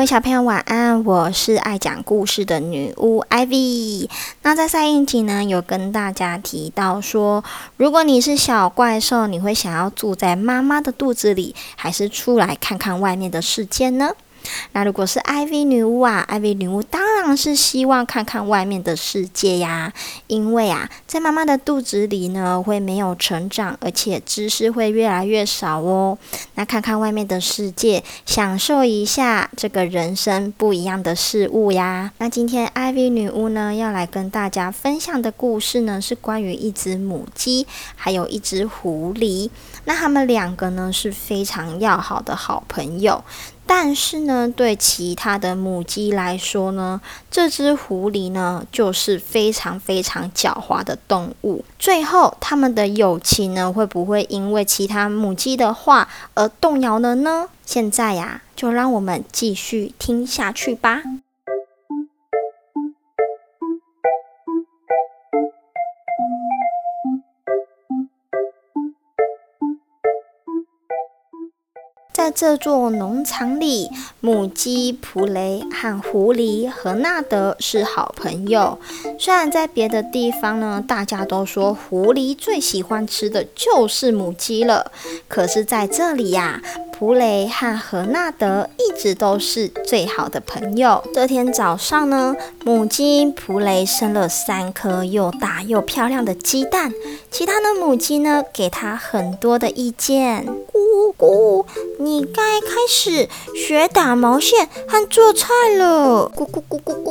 各位小朋友晚安，我是愛講故事的女巫 Ivy。那在上一集呢，有跟大家提到說，如果你是小怪獸，你會想要住在媽媽的肚子裡，還是出來看看外面的世界呢？那如果是 IVY 女巫啊，IVY 女巫當然是希望看看外面的世界呀，因為啊，在媽媽的肚子裡呢，會沒有成長，而且知識會越來越少哦。那看看外面的世界，享受一下這個人生不一樣的事物呀。那今天 IVY 女巫呢，要來跟大家分享的故事呢，是關於一隻母雞，還有一隻狐狸。那他們兩個呢，是非常要好的好朋友。但是呢，對其他的母雞來說呢，這只狐狸呢，就是非常非常狡猾的動物。最後，他們的友情呢，會不會因為其他母雞的話而動搖了呢？現在呀、啊，就讓我們繼續聽下去吧。在這座農場裡，母雞普蕾和狐狸何納德是好朋友。雖然在別的地方呢，大家都說狐狸最喜歡吃的就是母雞了，可是在這裡呀，普蕾和何納德一直都是最好的朋友。這天早上呢，母雞普蕾生了三顆又大又漂亮的雞蛋，其他的母雞呢，給他很多的意見。咕咕，你該開始學打毛線和做菜了。咕咕咕咕咕，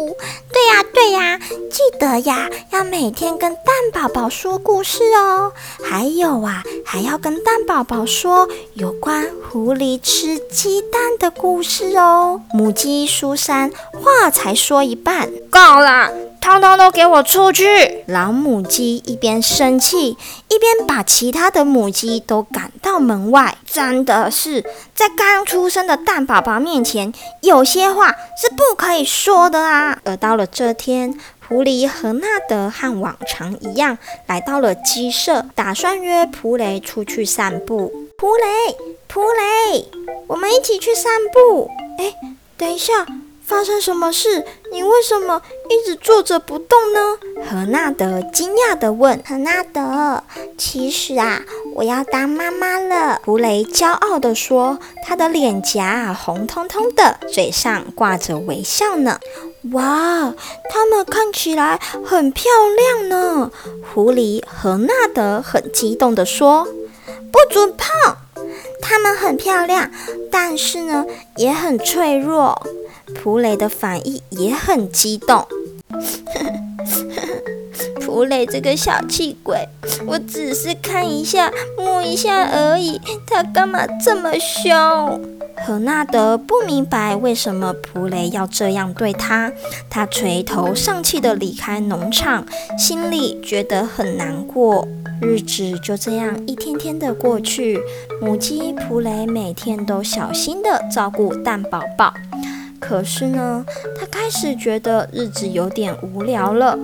對呀、對呀，記得呀，要每天跟蛋寶寶說故事哦。還有啊，還要跟蛋寶寶說有關狐狸吃雞蛋的故事哦。母雞蘇珊話才說一半，夠了。通通都給我出去！老母雞一邊生氣，一邊把其他的母雞都趕到門外。真的是在剛出生的蛋寶寶面前，有些話是不可以說的啊！而到了這天，狐狸何納德和往常一樣來到了雞舍，打算約普蕾出去散步。普蕾，普蕾，我們一起去散步。哎，等一下。發生什麼事？你為什麼一直坐着不動呢？何納德驚訝的問。何納德，其實啊，我要當媽媽了。普蕾驕傲的說，他的臉頰紅彤彤的，嘴上掛着微笑呢。哇，他們看起來很漂亮呢。狐狸何納德很激動的說，不准碰，他們很漂亮，但是呢，也很脆弱。普蕾的反應也很激動。 普蕾這個小氣鬼，我只是看一下、摸一下而已，他幹嘛這麼凶？何納德不明白為什麼普蕾要這樣對他，他垂頭喪氣的離開農場，心裡覺得很難過。日子就這樣一天天的過去，母雞普蕾每天都小心的照顧蛋寶寶。可是呢，他開始覺得日子有點無聊了，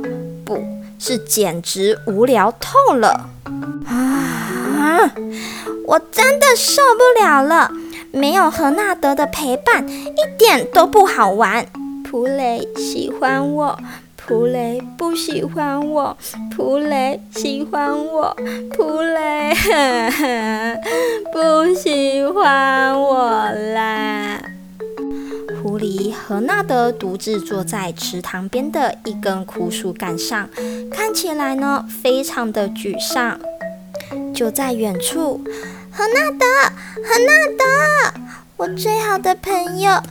不是，簡直無聊透了啊！我真的受不了了，沒有何納德的陪伴，一點都不好玩。普蕾喜歡我，普蕾不喜歡我，普蕾喜歡我，普蕾呵呵不喜歡我。何納德獨自坐在池塘邊的一根枯樹幹上，看起來呢非常的沮喪。就在遠處，何納德，何納德，我最好的朋友，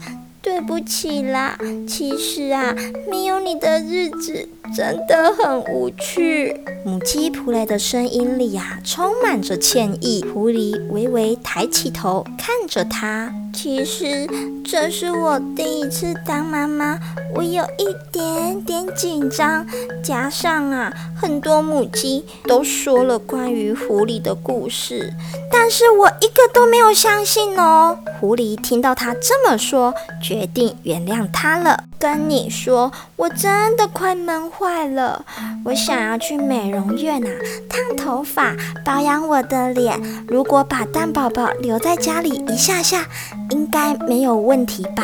對不起啦。其實啊，沒有你的日子。真的很無趣。母雞普蕾的聲音裡啊，充滿着歉意。狐狸微微抬起頭看着她，其實這是我第一次當媽媽，我有一點點緊張。加上啊，很多母雞都說了關於狐狸的故事，但是我一個都沒有相信哦。狐狸聽到她這麼說，決定原諒她了。跟你說，我真的快悶壞了，我想要去美容院吶、啊，燙頭髮，保養我的臉。如果把蛋寶寶留在家裡一下下，應該沒有問題吧？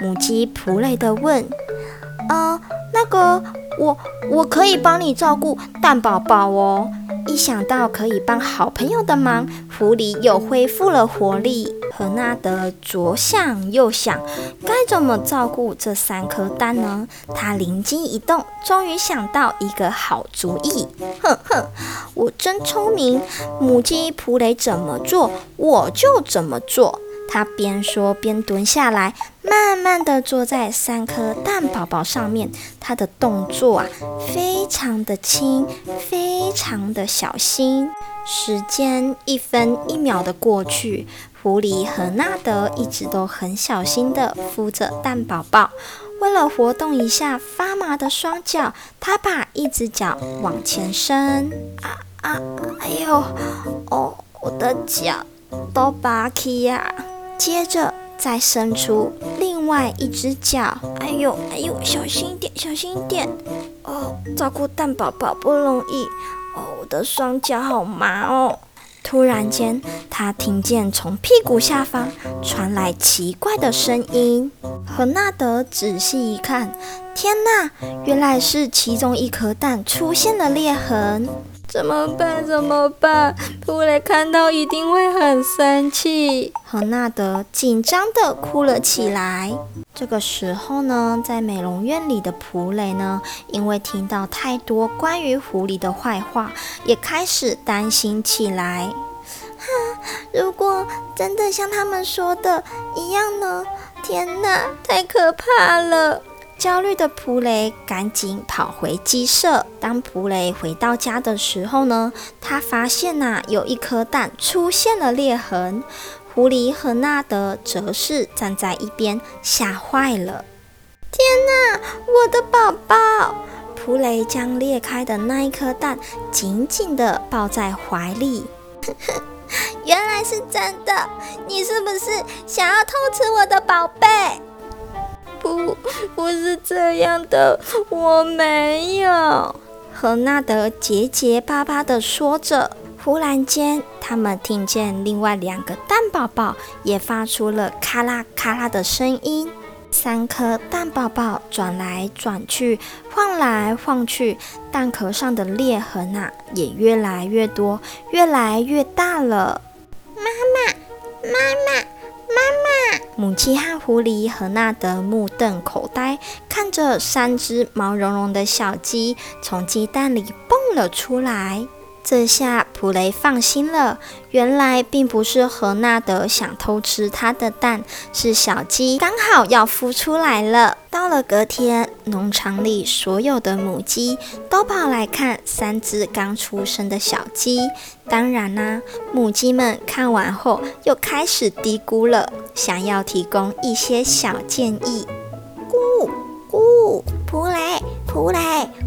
母雞普蕾地問。呃，那個，我我可以幫你照顧蛋寶寶哦。一想到可以幫好朋友的忙，狐狸又恢復了活力。何納德左想右想，該怎麼照顧這三顆蛋呢？他靈機一動，終於想到一個好主意。哼哼，我真聰明！母雞普雷怎麼做，我就怎麼做。他邊說邊蹲下來，慢慢的坐在三顆蛋寶寶上面。他的動作啊，非常的輕，非常的小心。時間一分一秒的過去，狐狸何納德一直都很小心的孵着蛋寶寶。為了活動一下發麻的雙腳，他把一隻腳往前伸。啊啊，哎呦，哦，我的腳都拔起呀！接着再伸出另外一隻腳，哎呦，哎呦，小心一點，小心一點。哦，照顧蛋寶寶不容易。哦，我的雙腳好麻哦。突然間，他聽見從屁股下方傳來奇怪的聲音。何納德仔細一看，天哪，原來是其中一顆蛋出現了裂痕。怎麼辦？怎麼辦？普蕾看到一定會很生氣。何納德緊張地哭了起來。這個時候呢，在美容院裡的普蕾呢，因為聽到太多關於狐狸的壞話，也開始擔心起來。 如果真的像他們說的一樣呢？天哪，太可怕了！焦慮的普蕾趕緊跑回雞舍。當普蕾回到家的時候呢，他發現呐、啊、有一顆蛋出現了裂痕。狐狸何納德則是站在一邊，嚇壞了。天哪，我的寶寶！普蕾將裂開的那一顆蛋緊緊地抱在懷裡。 原來是真的，你是不是想要偷吃我的寶貝？不，不是這樣的，我沒有。何納德結結巴巴地說着。忽然間，他們聽見另外兩個蛋寶寶也發出了咔啦咔啦的聲音。三顆蛋寶寶轉來轉去，晃來晃去，蛋殼上的裂痕啊，也越來越多，越來越大了。媽媽，媽媽。母雞和狐狸何納德目瞪口呆，看着三隻毛茸茸的小雞從雞蛋裡蹦了出來。這下普蕾放心了。原來並不是何納德想偷吃他的蛋，是小雞剛好要孵出來了。到了隔天，農場裡所有的母雞都跑來看三隻剛出生的小雞。當然啦、啊，母雞們看完後又開始嘀咕了，想要提供一些小建議。普蕾，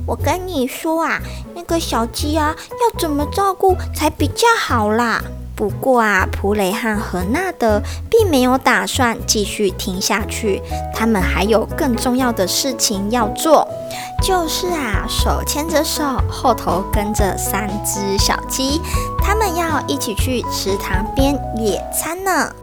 我跟你說啊，那個小雞啊，要怎麼照顧才比較好啦？不過啊，普蕾和何納德並沒有打算繼續聽下去，他們還有更重要的事情要做，就是啊，手牽着手，後頭跟着三隻小雞，他們要一起去池塘邊野餐呢。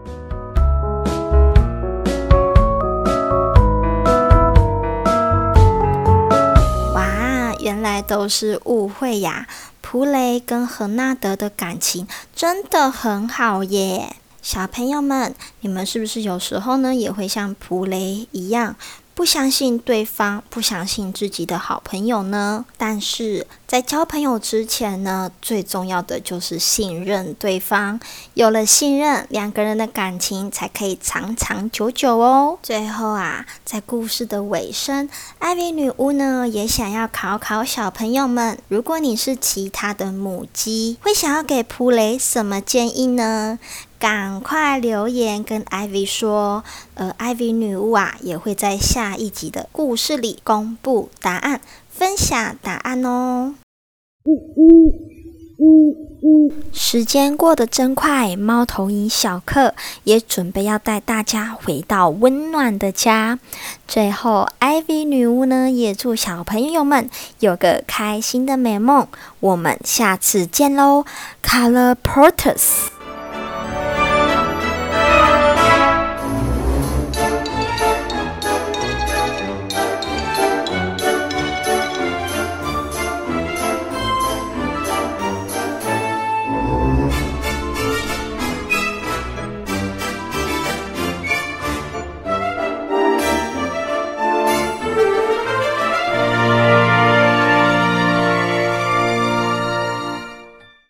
都是誤會呀！普蕾跟何納德的感情真的很好耶，小朋友們，你們是不是有時候呢，也會像普蕾一樣？不相信對方，不相信自己的好朋友呢？但是在交朋友之前呢，最重要的就是信任對方。有了信任，兩個人的感情才可以長長久久哦。最後啊，在故事的尾聲，艾薇女巫呢也想要考考小朋友們：如果你是其他的母雞，會想要給普蕾什麼建議呢？趕快留言跟 Ivy 說，呃，Ivy 女巫啊，也會在下一集的故事裡公布答案，分享答案哦。嗯嗯嗯嗯，時間過得真快，貓頭鷹小客也準備要帶大家回到溫暖的家。最後，Ivy 女巫呢，也祝小朋友們有個開心的美夢。我們下次見嘍，Color Porters。